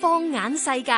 放眼世界，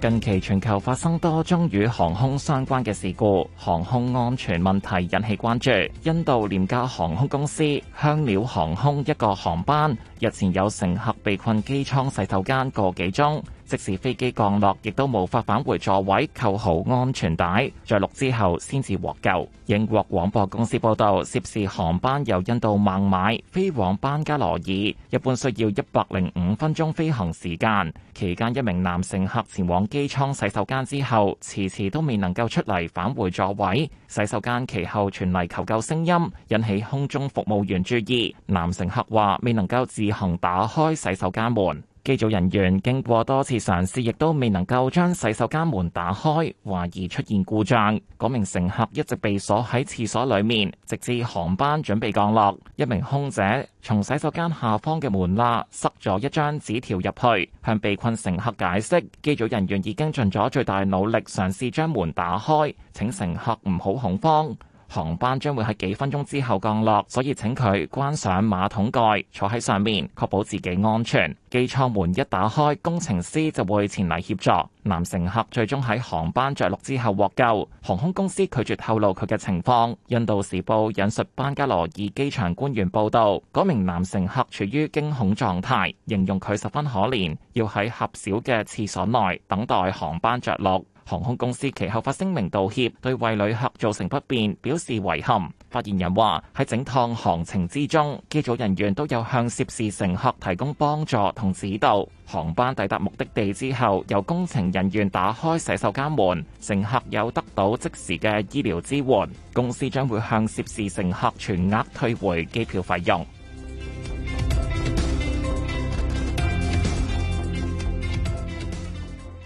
近期全球發生多宗與航空相關嘅事故，航空安全問題引起關注。印度廉價航空公司香料航空一個航班日前有乘客被困機艙洗手間個幾鐘。即使飛機降落，亦都無法返回座位，扣好安全帶，著陸之後先至獲救。英國廣播公司報道，涉事航班由印度孟買飛往班加羅爾，一般需要一百零五分鐘飛行時間。期間一名男乘客前往機艙洗手間之後，遲遲都未能夠出嚟返回座位。洗手間其後傳嚟求救聲音，引起空中服務員注意。男乘客話未能夠自行打開洗手間門。機組人員經過多次嘗試，亦都未能夠將洗手間門打開，懷疑出現故障。嗰名乘客一直被鎖喺廁所裏面，直至航班準備降落。一名空姐從洗手間下方嘅門罅塞咗一張紙條入去，向被困乘客解釋，機組人員已經盡咗最大努力嘗試將門打開，請乘客唔好恐慌。航班將會喺幾分鐘之後降落，所以請佢關上馬桶蓋，坐喺上面，確保自己安全。機艙門一打開，工程師就會前嚟協助。男乘客最終喺航班着陸之後獲救。航空公司拒絕透露佢嘅情況。印度時報引述班加羅爾機場官員報道，嗰名男乘客處於驚恐狀態，形容佢十分可憐，要喺狹小嘅廁所內等待航班着陸。航空公司其後發聲明道歉，對為旅客造成不便表示遺憾。發言人話：喺整趟航程之中，機組人員都有向涉事乘客提供幫助同指導。航班抵達目的地之後，由工程人員打開洗手間門，乘客有得到即時嘅醫療支援。公司將會向涉事乘客全額退回機票費用。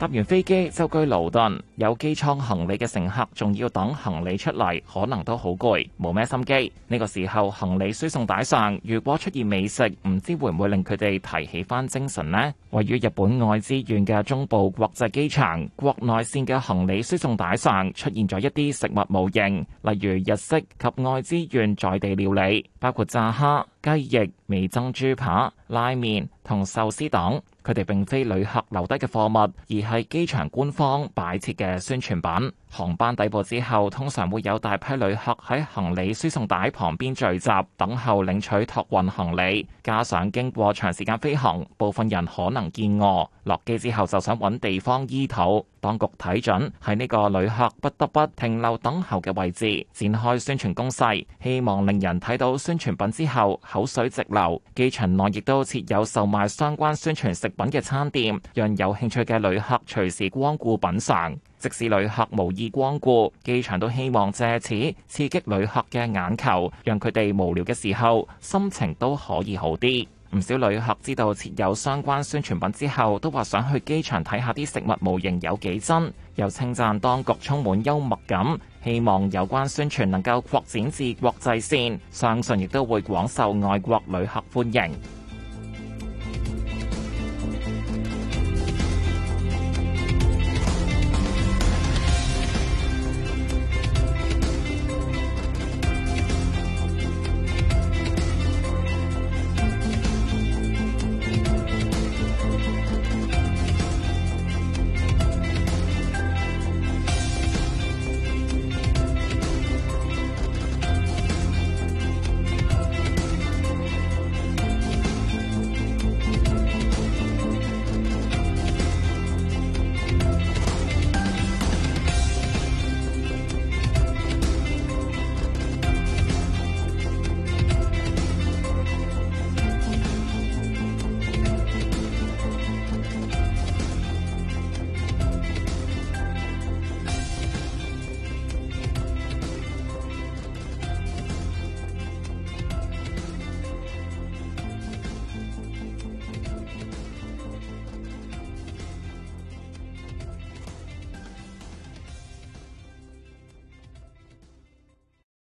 搭完飛機舟車勞頓，有寄艙行李嘅乘客仲要等行李出嚟，可能都好攰，冇咩心機。呢個時候，行李輸送帶上如果出現美食，唔知會唔會令佢哋提起翻精神呢？位於日本愛知縣嘅中部國際機場，國內線嘅行李輸送帶上出現咗一啲食物模型，例如日式及愛知縣在地料理，包括炸蝦、雞翼、味噌豬扒、拉麵同壽司等。佢哋並非旅客留低嘅貨物，而係機場官方擺設嘅宣傳品。航班抵埗之後，通常會有大批旅客喺行李輸送帶旁邊聚集，等候領取托運行李。加上經過長時間飛行，部分人可能見餓，落機之後就想揾地方醫肚。當局睇準喺呢個旅客不得不停留等候嘅位置，展開宣傳攻勢，希望令人睇到宣傳品之後口水直流。機場內亦都設有售賣相關宣傳食品嘅餐店，讓有興趣嘅旅客隨時光顧品嘗。即使旅客無意光顧，機場都希望借此刺激旅客嘅眼球，讓佢哋無聊嘅時候心情都可以好啲。唔少旅客知道設有相關宣傳品之後，都話想去機場睇下啲食物模型有幾真，又稱讚當局充滿幽默感，希望有關宣傳能夠擴展至國際線，相信亦都會廣受外國旅客歡迎。